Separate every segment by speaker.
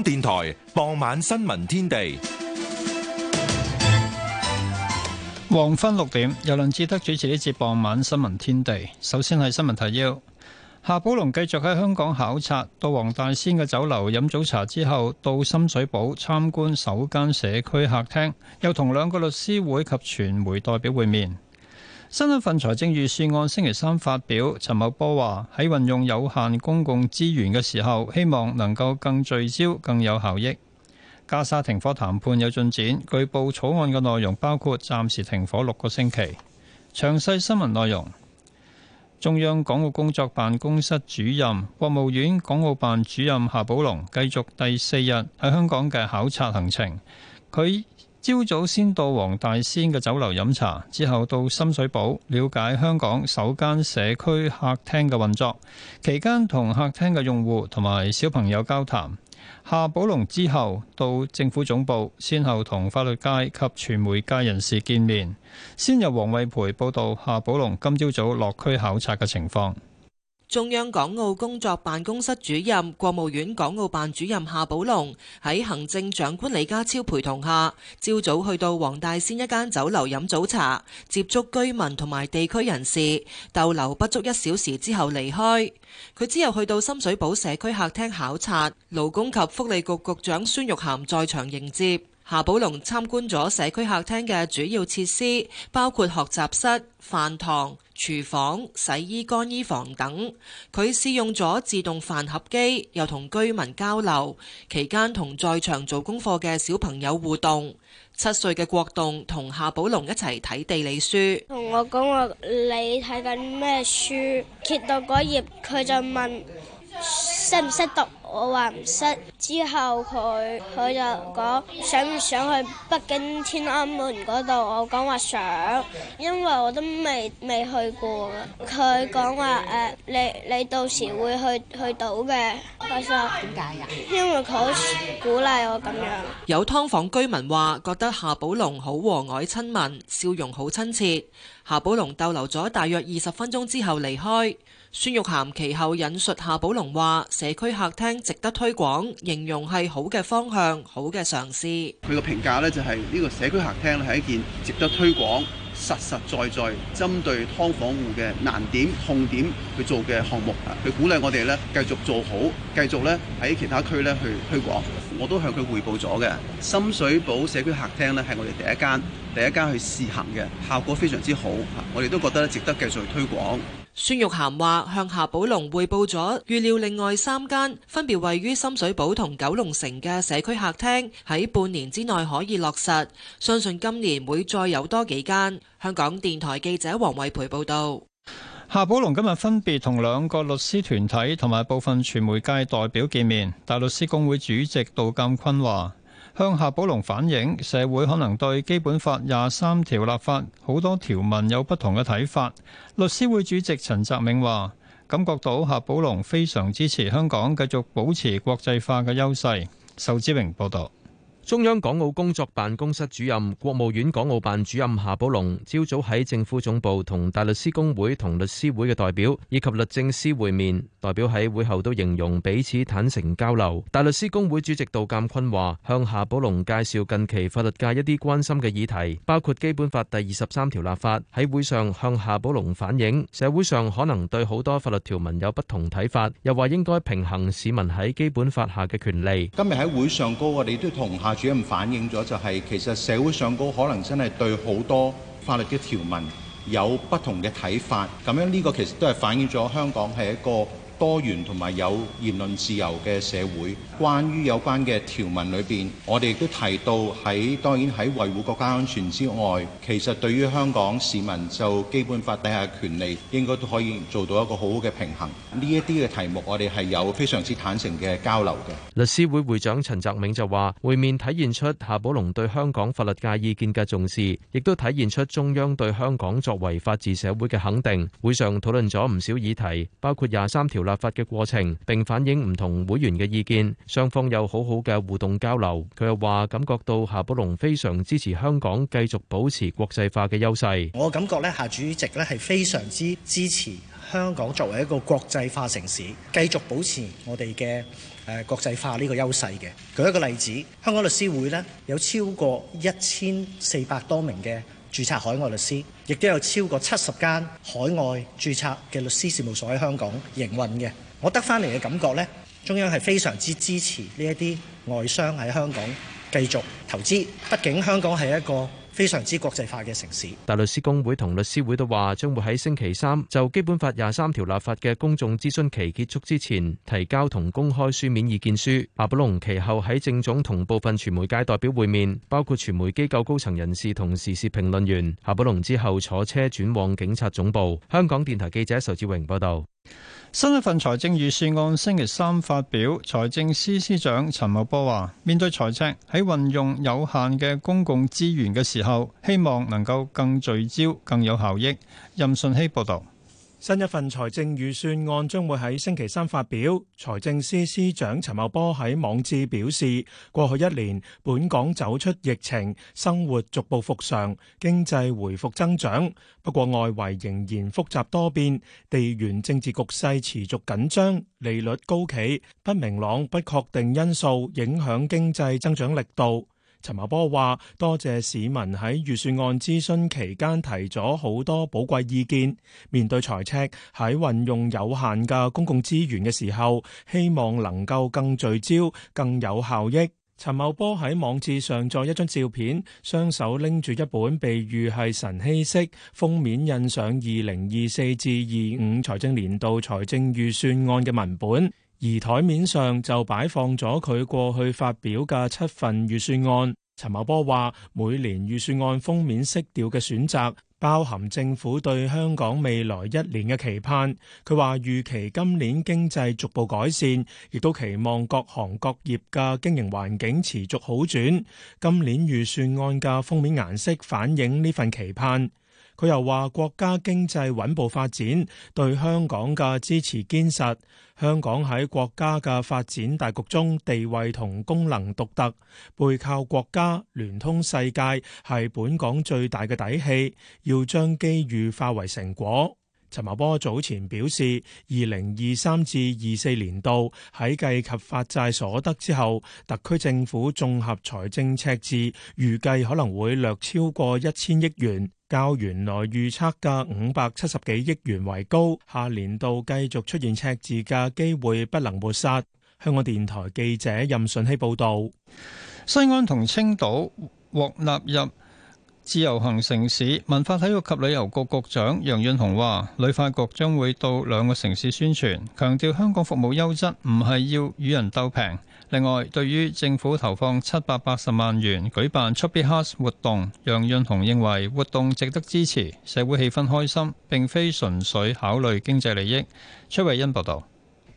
Speaker 1: 香港電台傍晚新
Speaker 2: 聞天地，黃昏六點由梁志德主持呢節傍晚新聞天地。首先係新聞提要，夏寶龍繼續喺香港考察，到黃大仙嘅酒樓飲早茶之後，到深水埗參觀首間社區客廳，又同兩個律師會及傳媒代表會面。新一份財政預算案星期三發表，陳茂波話喺運用有限公共資源嘅時候，希望能夠更聚焦、更有效益。加沙停火談判有進展，據報草案嘅內容包括暫時停火六個星期。詳細新聞內容，中央港澳工作辦公室主任、國務院港澳辦主任夏寶龍繼續第四日喺香港嘅考察行程，佢朝早先到黃大仙嘅酒樓飲茶，之後到深水埗了解香港首間社區客廳嘅運作，期間同客廳嘅用戶同埋小朋友交談。夏寶龍之後到政府總部，先後同法律界及傳媒界人士見面。先由黃惠培報道夏寶龍今朝早落區考察嘅情況。
Speaker 3: 中央港澳工作辦公室主任、國務院港澳辦主任夏寶龍喺行政長官李家超陪同下，朝早去到黃大仙一間酒樓飲早茶，接觸居民同埋地區人士，逗留不足一小時之後離開。佢之後去到深水埗社區客廳考察，勞工及福利局局，局長孫玉菡在場迎接。夏寶龍參觀咗社區客廳嘅主要設施，包括學習室、飯堂。廚房、洗衣、乾衣房等，佢試用咗自動飯盒機，又同居民交流，期間同在場做功課嘅小朋友互動。七歲嘅國棟同夏寶龍一齊睇地理書，同我講話你睇緊咩書？揭到嗰頁，佢就問識唔識讀？我話唔識之後佢佢就講想唔想去北京天安門嗰度，我講話想，因為我都未未去過。佢講話誒，你你到時會去去到嘅，我就點解呀？因為佢好鼓勵我咁樣。有劏房居民話，覺得夏寶龍好和藹親民，笑容好親切。夏寶龍逗留咗大約二十分鐘之後離開。孫玉菡其後引述夏寶龍話：社區客廳值得推廣，形容係好嘅方向，好嘅嘗
Speaker 4: 試。佢個評價呢、就係，就係呢個社區客廳咧係一件值得推廣，實實在在，在針對劏房戶嘅難點痛點去做嘅項目。佢鼓勵我哋呢，繼續做好，繼續呢喺其他區呢去推廣。我都向佢匯報咗嘅，深水埗社區客廳呢，係我哋第一間第一間去試行嘅，效果非常之好，我哋都覺得值得繼續推廣。孫玉菡話向夏寶龍匯報咗，
Speaker 3: 預料另外三間分別位於深水埗同九龍城嘅社區客廳喺半年之內可以落實，相信今年會再有多幾間。香港電台記者黃惠培報道。
Speaker 2: 夏寶龍今日分別同兩個律師團體同埋部分傳媒界代表見面。大律師公會主席杜鑒坤話，向夏寶龍反映，社會可能對基本法廿三條立法好多條文有不同嘅睇法。律師會主席陳澤銘話，感覺到夏寶龍非常支持香港繼續保持國際化嘅優勢。仇志榮報道。
Speaker 5: 中央港澳工作辦公室主任、國務院港澳辦主任夏寶龍朝早喺政府總部同大律師工會同律師會嘅代表以及律政司會面，代表喺會後都形容彼此坦誠交流。大律師工會主席杜鑑坤話：向夏寶龍介紹近期法律界一啲關心嘅議題，包括基本法第二十三條立法。喺會上向夏寶龍反映，社會上可能對好多法律條文有不同睇法，又
Speaker 1: 話應該平衡市民喺基本法下嘅權利。今日喺會上高我哋都同夏。主要反映咗就係、是，其實社會上高，可能真係對好多法律嘅條文有不同嘅睇法，咁樣呢個其實都係反映咗香港係一個多元同埋有言論自由嘅社會，關於有關嘅條文裏邊，我哋亦都提到喺當然喺維護國家安全之外，其實對於香港市民就基本法底下嘅權利，應該都可以做到一個好好嘅平衡。呢一啲嘅題目，我哋係有非常之坦誠嘅交流嘅。
Speaker 5: 律師會會長陳澤銘就話：會面體現出夏寶龍對香港法律界意見嘅重視，亦都體現出中央對香港作為法治社會嘅肯定。會上討論咗唔少議題，包括廿三條。立法嘅過程，並反映唔同會員嘅意見，雙方有好好嘅互動交流。佢又話，感覺到夏寶龍非常支持香港繼續保持國際化嘅優勢。
Speaker 4: 我感覺咧，夏主席咧係非常之支持香港作為一個國際化城市，繼續保持我哋嘅誒國際化呢個優勢嘅。舉一個例子，香港律師會咧有超過一千四百多名嘅。註冊海外律師，亦都有超過七十間海外註冊嘅律師事務所喺香港營運嘅。我得返嚟嘅感覺呢，中央係非常之支持呢一啲外商喺香港繼續投資，畢竟香港係一個非常之國際化嘅城市。
Speaker 5: 大律師公會同律師會都話將會喺星期三就基本法廿三條立法嘅公眾諮詢期結束之前提交同公開書面意見書，夏寶龍其後喺政總同部分傳媒界代表會面，包括傳媒機構高層人士同時事評論員，夏寶龍之後坐車
Speaker 2: 轉往警察總部。香港電台記者仇志榮報道。新一份財政預算案星期三發表，財政司司長陳茂波話，面對財政喺運用有限嘅公共資源嘅時候，希望能夠更聚焦、更有效
Speaker 1: 益。任信希報道。新一份財政預算案將會喺星期三發表。財政司司長陳茂波喺網誌表示，過去一年本港走出疫情，生活逐步復常，經濟回復增長。不過，外圍仍然複雜多變，地緣政治局勢持續緊張，利率高企，不明朗、不確定因素影響經濟增長力度。陳茂波話，多謝市民喺預算案諮詢期間提咗好多寶貴意見。面對財赤，喺運用有限嘅公共資源嘅時候，希望能夠更聚焦、更有效益。陳茂波喺網誌上載一張照片，雙手拎住一本被譽係晨曦色封面，印上二零二四至二五財政年度財政預算案嘅文本。而台面上就擺放咗佢過去發表嘅七份預算案。陳茂波話，每年預算案封面色調嘅選擇，包含政府對香港未來一年嘅期盼。佢話，預期今年經濟逐步改善，亦都期望各行各業嘅經營環境持續好轉。今年預算案嘅封面顏色反映呢份期盼。佢又話：國家經濟穩步發展，對香港嘅支持堅實。香港喺國家嘅發展大局中地位同功能獨特，背靠國家，聯通世界，係本港最大嘅底氣。要將機遇化為成果。陳茂波早前表示，二零二三至二四年度喺計及發債所得之後，特區政府綜合財政赤字預計可能會略超過一千億元，較原來預測嘅五百七十幾億元為高。下年度繼續出現赤字嘅機會不能抹殺。香港電台記者任順希報道。西安同青島獲納入。自由行城市。文化體育及旅遊局
Speaker 2: 局長楊潤雄話，旅發局將會到兩個城市宣傳，強調香港服務優質唔係要與人鬥平。另外，對於政府投放七百八十萬元舉辦 Chubby Hearts 活動，楊潤雄認為活動值得支持，社會氣氛開心，並非純粹考慮經濟利益。崔慧欣報道。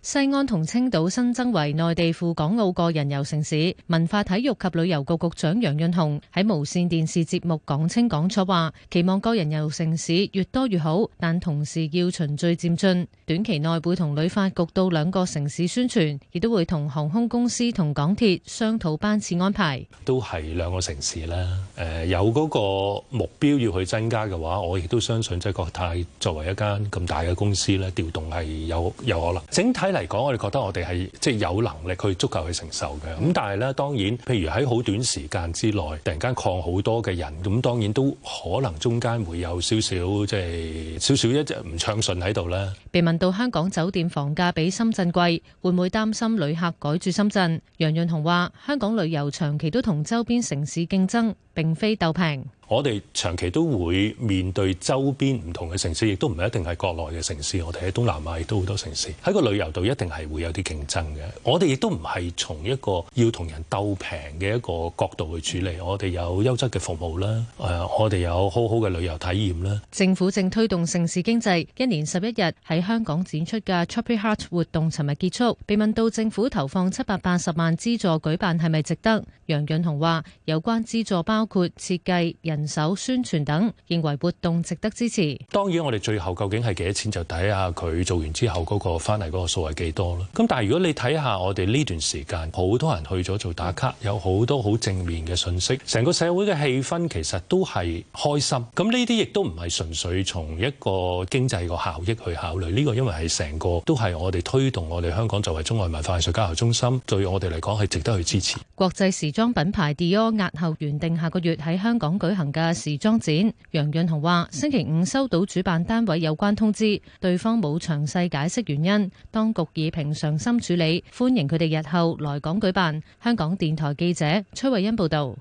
Speaker 6: 西安同青島新增為內地赴港澳個人遊城市，文化體育及旅遊局局長楊潤雄喺無線電視節目講清講楚話，期望個人遊城市越多越好，但同時要循序漸進，短期內會同旅發局到兩個城市宣傳，亦都會同航空公司同港鐵商討班次安排。
Speaker 7: 都
Speaker 8: 係兩個城市啦，誒、呃，有嗰個目標要去增加嘅話，我亦都相信即係國泰作為一間咁大嘅公司咧，調動係有有可能整體。嚟講，我哋覺得我哋係即係有能力去足夠去承受嘅。咁但係咧，當然，譬如喺好短時間之內突然間擴好多嘅人，咁當然都可能中間會有少少即係少少一啲唔暢順喺度咧。
Speaker 6: 被問到香港酒店房價比深圳貴，會唔會擔心旅客改住深圳？楊潤雄話：香港旅遊長期都同周邊城市競爭，並非鬥平。
Speaker 8: 我哋長期都會面對周邊唔同嘅城市，亦都唔係一定係國內嘅城市。我哋喺東南亞亦都好多城市，喺個旅遊度一定係會有啲競爭嘅。我哋亦都唔係從一個要同人鬥平嘅一個角度去處理。我哋有優質嘅服務啦，誒，我哋有好好嘅旅遊體驗啦。
Speaker 6: 政府正推動城市經濟，一連十一日喺香港展出嘅 Chubby Hearts 活動，尋日結束。被問到政府投放七百八十萬資助舉辦係咪值得，楊潤雄話：有關資助包括設計人。人手宣傳等，認為活動值得支持。
Speaker 8: 當然，我哋最後究竟係幾多錢，就睇下佢做完之後嗰個翻嚟嗰個數係幾多咯。咁但係如果你睇下我哋呢段時間，好多人去咗做打卡，有好多好正面嘅信息，成個社會嘅氣氛其實都係開心。咁呢啲亦都唔係純粹從一個經濟個效益去考慮，呢、呢個因為係成個都係我哋推動我哋香港作為中外文化藝術交流中心，對我哋嚟講係值得去支持。
Speaker 6: 國際時裝品牌 Dior 押後原定下個月喺香港舉行。嘅時裝展，楊潤雄話：星期五收到主辦單位有關通知，對方冇詳細解釋原因。當局以平常心處理，歡迎佢哋日後來港舉辦。香港電台記者崔慧欣報道。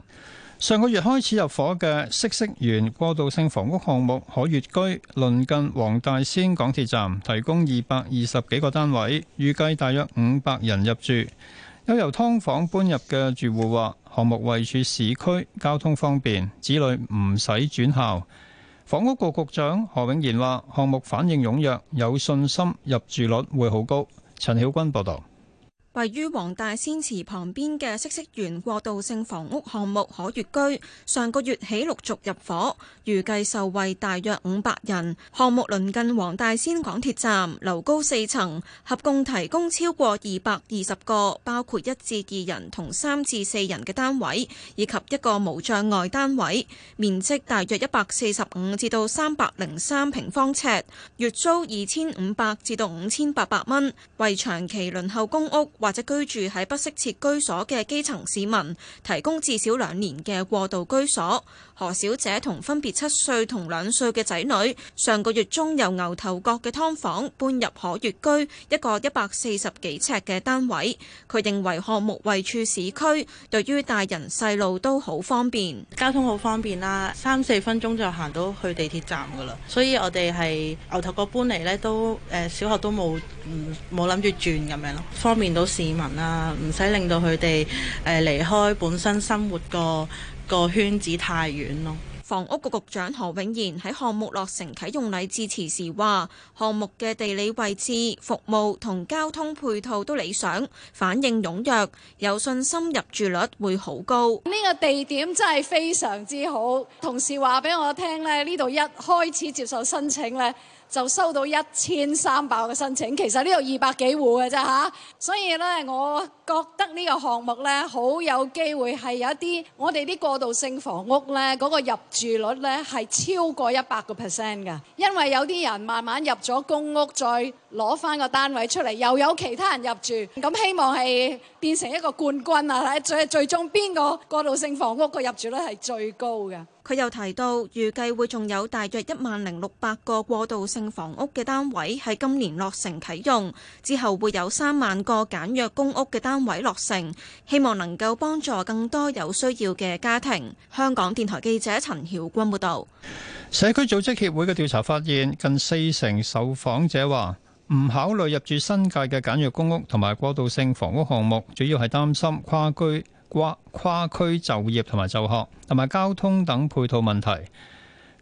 Speaker 2: 上個月開始入伙嘅息息園過渡性房屋項目可悅居，鄰近黃大仙港鐵站，提供二百二十幾個單位，預計大約五百人入住。有由劏房搬入嘅住戶話，項目位處市區，交通方便，子女唔使轉校。房屋局局長何永賢話，項目反應踴躍，有信心入住率會好高。陳曉君報道。
Speaker 9: 位於黃大仙祠旁邊嘅嗇色園過渡性房屋項目可悅居，上個月起陸續入伙，預計受惠大約五百人。項目鄰近黃大仙港鐵站，樓高四層，合共提供超過二百二十個，包括一至二人同三至四人嘅單位，以及一個無障礙單位，面積大約一百四十五至到三百零三平方尺，月租二千五百至到五千八百蚊，為長期輪候公屋，或者居住喺不適切居所嘅基層市民，提供至少兩年嘅過渡居所。何小姐同分別七歲同兩歲嘅仔女，上個月中由牛頭角嘅劏房搬入可悦居一個一百四十幾尺嘅單位。佢認為項目位處市區，對於大人細路都好方便。交通好方便啦，三四分鐘就行到去地鐵站㗎喇。所
Speaker 10: 以我哋係牛頭角搬嚟呢，都誒小學都冇唔冇諗住轉咁樣咯，方便到市民啦，唔使令到佢哋誒離開本身生活個個圈子太遠咯。
Speaker 9: 房屋局局長何永賢喺項目落成啟用禮致辭時話：項目嘅地理位置、服務同交通配套都理想，反應踴躍，有信心入住率會好高。呢個地點真係非常之好。同事話俾我聽咧，呢度一開始接受申請咧。就收到一千三百個申請，其實呢度二百幾戶嘅啫嚇，所以呢，我覺得呢個項目呢，好有機會係有一啲我哋啲過渡性房屋呢，嗰個入住率呢係超過一百個 percent 嘅，因為有啲人慢慢入咗公屋，再攞返個單位出嚟，又有其他人入住，咁希望係變成一個冠軍啊！睇最最終邊個過渡性房屋個入住率係最高嘅。佢又提到，預計會仲有大約一萬零六百個過渡性房屋嘅單位喺今年落成啟用，之後會有三萬個簡約公屋嘅單位落成，希望能夠幫助更多有需要嘅家庭。香港電台記者陳曉君報導。
Speaker 2: 社區組織協會嘅調查發現，近四成受訪者話唔考慮入住新界嘅簡約公屋同埋過渡性房屋項目，主要係擔心跨區。跨跨區就業同埋就學同埋交通等配套問題。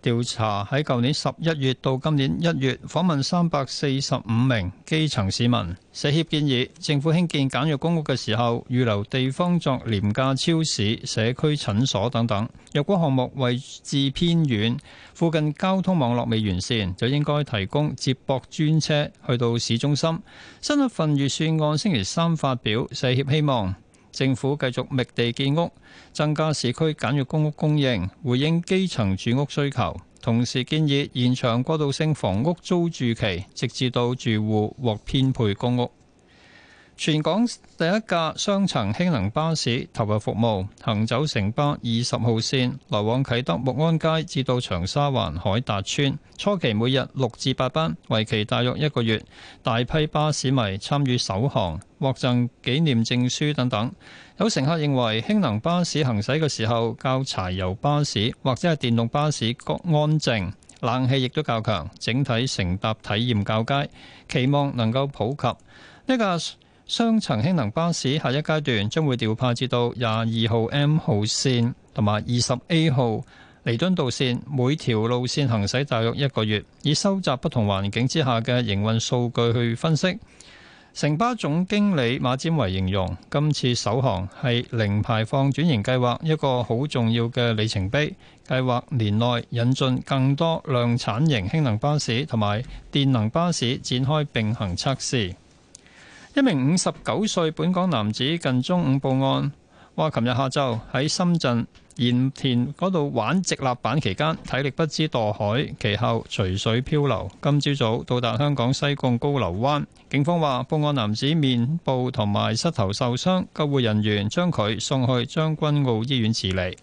Speaker 2: 調查喺舊年十一月到今年一月訪問三百四十五名基層市民，社協建議政府興建簡約公屋嘅時候，預留地方作廉價超市、社區診所等等。若果項目位置偏遠，附近交通網絡未完善，就應該提供接駁專車去到市中心。新一份預算案星期三發表，社協希望，政府繼續覓地建屋，增加市區簡約公屋供應，回應基層住屋需求。同時建議延長過渡性房屋租住期，直至到住戶獲編配公屋。全港第一架雙層氫能巴士投入服務，行走城巴二十號線，來往啟德木安街至到長沙灣海達邨。初期每日六至八班，為期大約一個月。大批巴士迷參與首航，獲贈紀念證書等等。有乘客認為氫能巴士行駛嘅時候，較柴油巴士或者係電動巴士較安靜，冷氣亦都較強，整體乘搭體驗較佳，期望能夠普及呢架。雙層輕能巴士下一階段將會調派至到廿二號 M 號線同埋二十 A 號彌敦道線，每條路線行駛大約一個月，以收集不同環境之下嘅營運數據去分析。城巴總經理馬占維形容今次首航係零排放轉型計劃一個好重要嘅里程碑。計劃年內引進更多量產型輕能巴士同埋電能巴士，展開並行測試。一名五十九歲本港男子近中午報案，話琴日下晝喺深圳鹽田嗰度玩直立板期間，體力不支墮海，其後隨水漂流，今朝早到達香港西貢高樓灣。警方話，報案男子面部同埋膝頭受傷，救護人員將佢送去將軍澳醫院治理。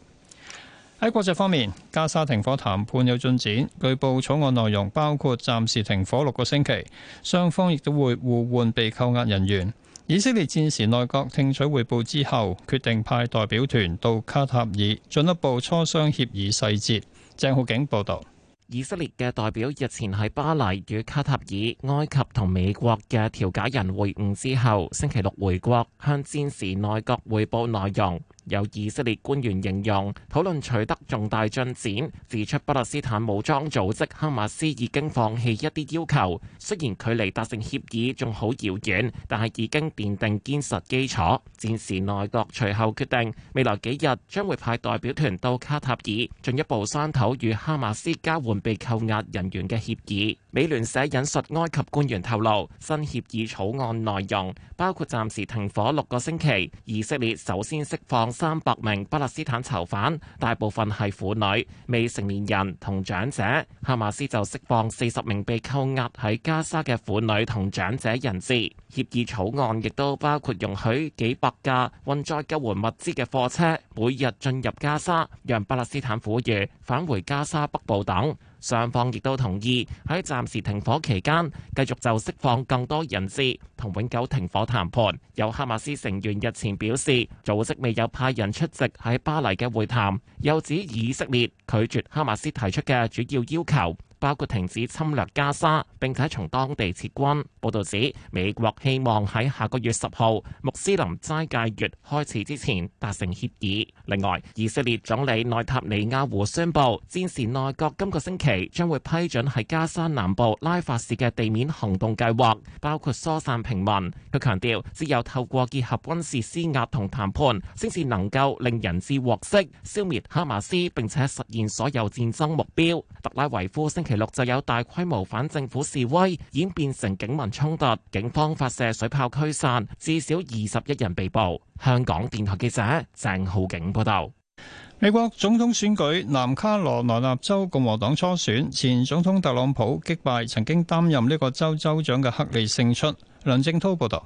Speaker 2: 喺國際方面，加沙停火談判有進展，據報草案內容包括暫時停火六個星期，雙方亦都會互換被扣押人員。以色列戰時內閣聽取彙報之後，決定派代表團到卡塔爾
Speaker 7: 進一步磋商協議細節。鄭浩景報導，以色列嘅代表日前喺巴黎與卡塔爾、埃及同美國嘅調解人會晤之後，星期六回國向戰時內閣彙報內容。有以色列官員形容討論取得重大進展，指出巴勒斯坦武裝組織哈馬斯已經放棄一啲要求，雖然距離達成協議仲好遙遠，但係已經奠定堅實基礎。戰時內閣隨後決定，未來幾日將會派代表團到卡塔爾進一步商討與哈馬斯交換被扣押人員嘅協議。美聯社引述埃及官員透露，新協議草案內容包括暫時停火六個星期，以色列首先釋放。三百名巴勒斯坦囚犯，大部分係婦女、未成年人同長者，哈馬斯就釋放四十名被扣押喺加沙嘅婦女同長者人質。協議草案亦都包括容許幾百架運載救援物資嘅貨車每日進入加沙，讓巴勒斯坦婦孺返回加沙北部等。雙方亦都同意喺暫時停火期間繼續就釋放更多人質，同永久停火談判。有哈馬斯成員日前表示，組織未有派人出席喺巴黎嘅會談，又指以色列拒絕哈馬斯提出嘅主要要求。包括停止侵略加沙並且從當地撤軍。報道指美國希望喺下個月十號穆斯林齋戒月開始之前達成協議。另外，以色列總理內塔尼亞胡宣布，戰時內閣今個星期將會批准喺加沙南部拉法市嘅地面行動計劃，包括疏散平民。佢強調只有透過結合軍事施壓同談判，先至能夠令人質獲釋，消滅哈馬斯並且實現所有戰爭目標。特拉維夫星。星期六就有大規模反政府示威，演變成警民衝突，警方發射水炮驅散，至少二十一人被捕。香港電台記者鄭浩景報道。
Speaker 2: 美國總統選舉南卡羅來納州共和黨初選，前總統特朗普擊敗曾經擔任呢個州州長嘅黑利勝出。梁正濤報道。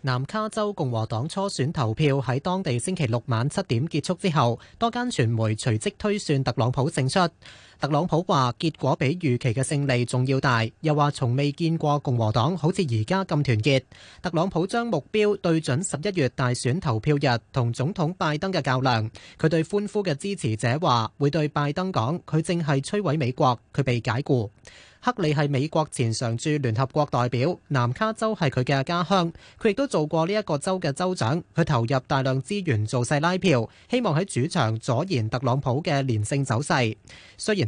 Speaker 4: 南卡州共和黨初選投票喺當地星期六晚七點結束之後，多間傳媒隨即推算特朗普勝出。特朗普話：結果比預期嘅勝利仲要大，又話從未見過共和黨好似而家咁團結。特朗普將目標對準十一月大選投票日同總統拜登嘅較量。佢對歡呼嘅支持者話：會對拜登講，佢正係摧毀美國，佢被解雇。克里係美國前常駐聯合國代表，南卡州係佢嘅家鄉，佢亦都做過呢一個州嘅州長。佢投入大量資源做勢拉票，希望喺主場阻延特朗普嘅連勝走勢。雖然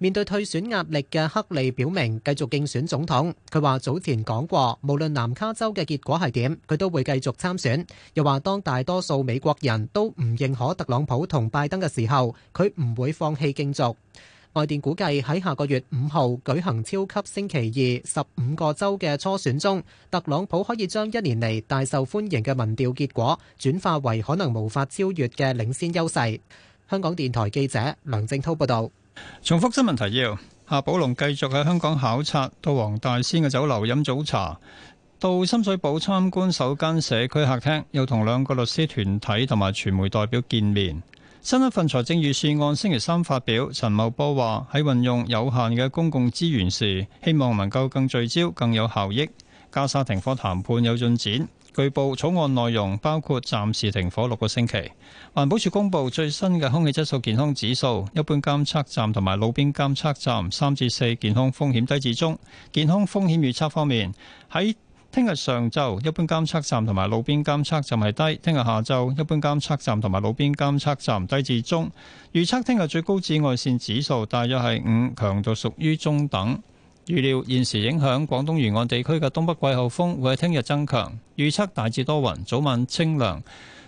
Speaker 4: 面對退選壓力嘅克利表明繼續競選總統。佢話：早前講過，無論南卡州嘅結果係點，佢都會繼續參選。又話：當大多數美國人都唔認可特朗普同拜登嘅時候，佢唔會放棄競逐。外電估計喺下個月五號舉行超級星期二、十五個州嘅初選中，特朗普可以將一年嚟大受歡迎嘅民調結果轉化為可能無法超越嘅領先優勢。香港電
Speaker 2: 台記者梁正滔報導。重複新聞提要：夏寶龍繼續喺香港考察，到黃大仙嘅酒樓飲早茶，到深水埗參觀首間社區客廳，又同兩個律師團體同埋傳媒代表見面。新一份財政預算案星期三發表，陳茂波話喺運用有限嘅公共資源時，希望能夠更聚焦、更有效益。加沙停火談判有進展，據報草案內容包括暫時停火六個星期。環保署公布最新嘅空氣質素健康指數，一般監測站同埋路邊監測站三至四，健康風險低至中。健康風險預測方面，喺聽日上晝一般監測站同埋路邊監測站係低，聽日下晝一般監測站同埋路邊監測站低至中。預測聽日最高紫外線指數大約係五，強度屬於中等。預料現時影響廣東沿岸地區嘅東北季候風會喺聽日增強，預測大致多雲，早晚清涼。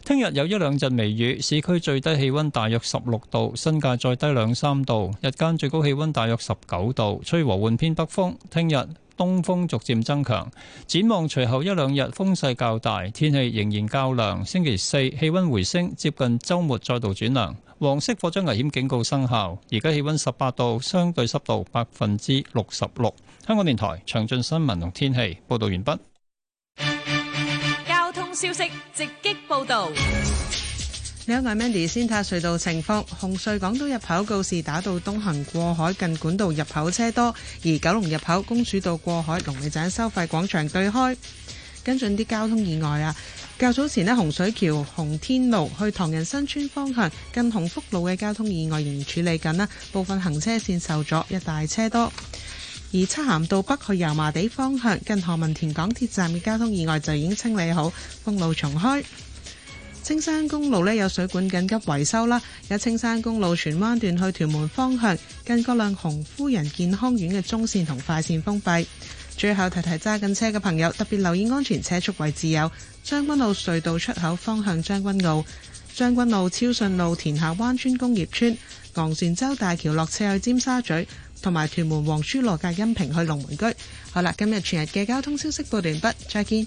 Speaker 2: 聽日有一兩陣微雨，市區最低氣溫大約十六度，新界再低兩三度，日間最高氣溫大約十九度，吹和緩偏北風。聽日東風逐漸增強，展望隨後一兩日風勢較大，天氣仍然較涼。星期四氣温回升，接近周末再度轉涼。黃色火災危險警告生效，而家氣温十八度，相對濕度百分之六十六。香港電台詳盡新聞同天氣報道完畢。
Speaker 3: 交通消息直擊報道。
Speaker 10: 你好，我係，Mandy 先睇下隧道情況，紅隧港島入口告示打到，東行過海近管道入口車多；而九龍入口公主道過海龍尾站收費廣場對開，跟進啲交通意外啊！較早前呢，洪水橋洪天路去唐人新村方向近洪福路嘅交通意外仍處理緊啦，部分行車線受阻，一大車多；而漆咸道北去油麻地方向近何文田港鐵站嘅交通意外就已經清理好，封路重開。青山公路呢有水管緊急維修啦，有青山公路荃灣段去屯門方向，近郭亮紅夫人健康院嘅中線同快線封閉。最後提提揸緊車嘅朋友，特別留意安全車速位置有將軍澳隧道出口方向將軍澳、將軍澳昭信路、田下灣村工業村、昂船洲大橋落車去尖沙咀，同埋屯門皇珠路格恩平去龍門居。好啦，今日全日嘅交通消息報完畢，再見。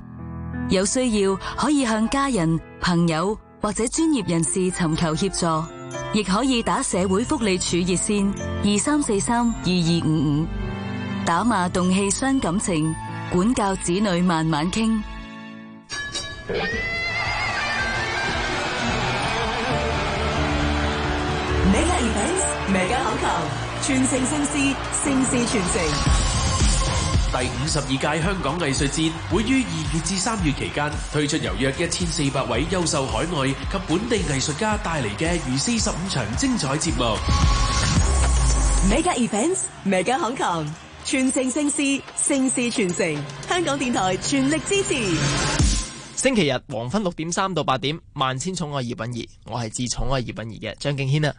Speaker 11: 有需要可以向家人、朋友或者專業人士尋求協助，亦可以打社會福利署熱線二三四三二二五五。打罵動氣傷感情，管教子女慢慢傾。Make a
Speaker 3: difference，make a impact，傳承聖事，聖事傳承。
Speaker 8: 第五十二屆香港藝術節會於二月至三月期間推出由約一千四百位優秀海外及本地藝術家帶嚟嘅逾四十五場精彩節目。
Speaker 3: Mega Events，Mega Hong Kong，全城盛事，盛事傳承，香港電台全力支持。
Speaker 5: 星期日黃昏六點三到八點，萬千寵愛葉品儀，我係至寵愛葉品儀嘅張敬軒啊！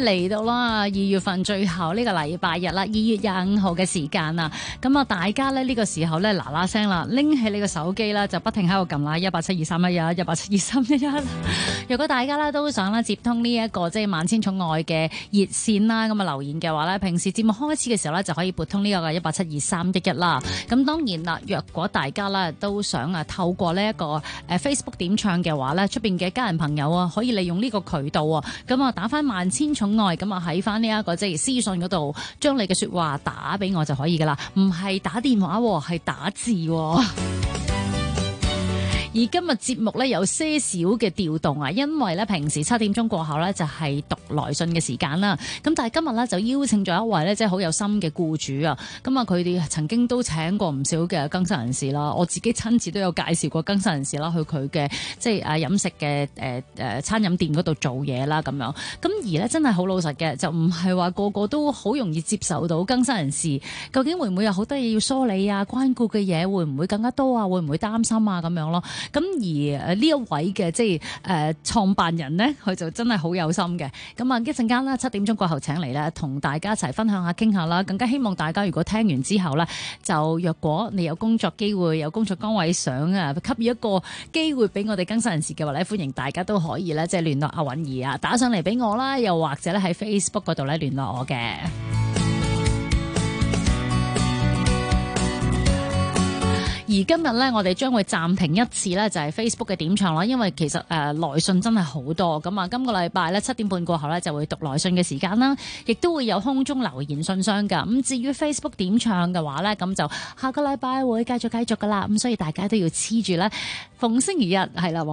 Speaker 11: 嚟到啦，二月份最後呢個禮拜日啦，二月廿五號嘅時間啊，咁啊大家呢呢個時候呢，嗱嗱聲啦，拎起你個手機啦，就不停喺度撳啦，一八七二三一一一八七二三一一。如果大家呢都想咧接通呢一個即係萬千寵愛嘅熱線啦，咁啊留言嘅話呢，平時節目開始嘅時候呢，就可以撥通呢個一八七二三一一啦。咁當然啦，若果大家咧都想啊透過呢一個誒 Facebook 點唱嘅話呢，出邊嘅家人朋友啊，可以利用呢個渠道啊，咁啊打翻萬千。寵愛咁啊，喺翻呢一個即係私信嗰度，將你嘅說話打俾我就可以噶啦，唔係打電話，係打字。 而今日節目咧有些少嘅調動啊，因為咧平時七點鐘過後呢，就係讀來信嘅時間啦。咁但係今日呢，就邀請咗一位呢，即係好有心嘅僱主啊。咁啊佢哋曾經都請過唔少嘅更生人士啦，我自己親自都有介紹過更生人士啦去佢嘅即係誒飲食嘅誒誒餐飲店嗰度做嘢啦咁樣。咁而呢，真係好老實嘅，就唔係話個個都好容易接受到更生人士。究竟會唔會有好多嘢要梳理啊、關顧嘅嘢會唔會更加多啊？會唔會擔心啊咁樣咯？咁而誒呢一位嘅即係誒、呃、創辦人呢，佢就真係好有心嘅。咁啊一陣間啦，七點鐘過後請嚟啦，同大家一齊分享下傾下啦。更加希望大家如果聽完之後呢，就若果你有工作機會，有工作崗位想啊，給予一個機會俾我哋更新人士嘅話呢，歡迎大家都可以咧即係聯絡阿韻兒啊，打上嚟俾我啦，又或者咧喺 Facebook 度咧聯絡我嘅。而今日咧，我哋將會暫停一次咧，就係、是、Facebook 嘅點唱啦，因為其實誒、呃、來信真係好多咁啊！今個禮拜咧七點半過後咧就會讀來信嘅時間啦，亦都會有空中留言信箱噶。咁至於 Facebook 點唱嘅話咧，咁就下個禮拜會繼續繼續噶啦。咁所以大家都要黐住咧，逢星期日係啦。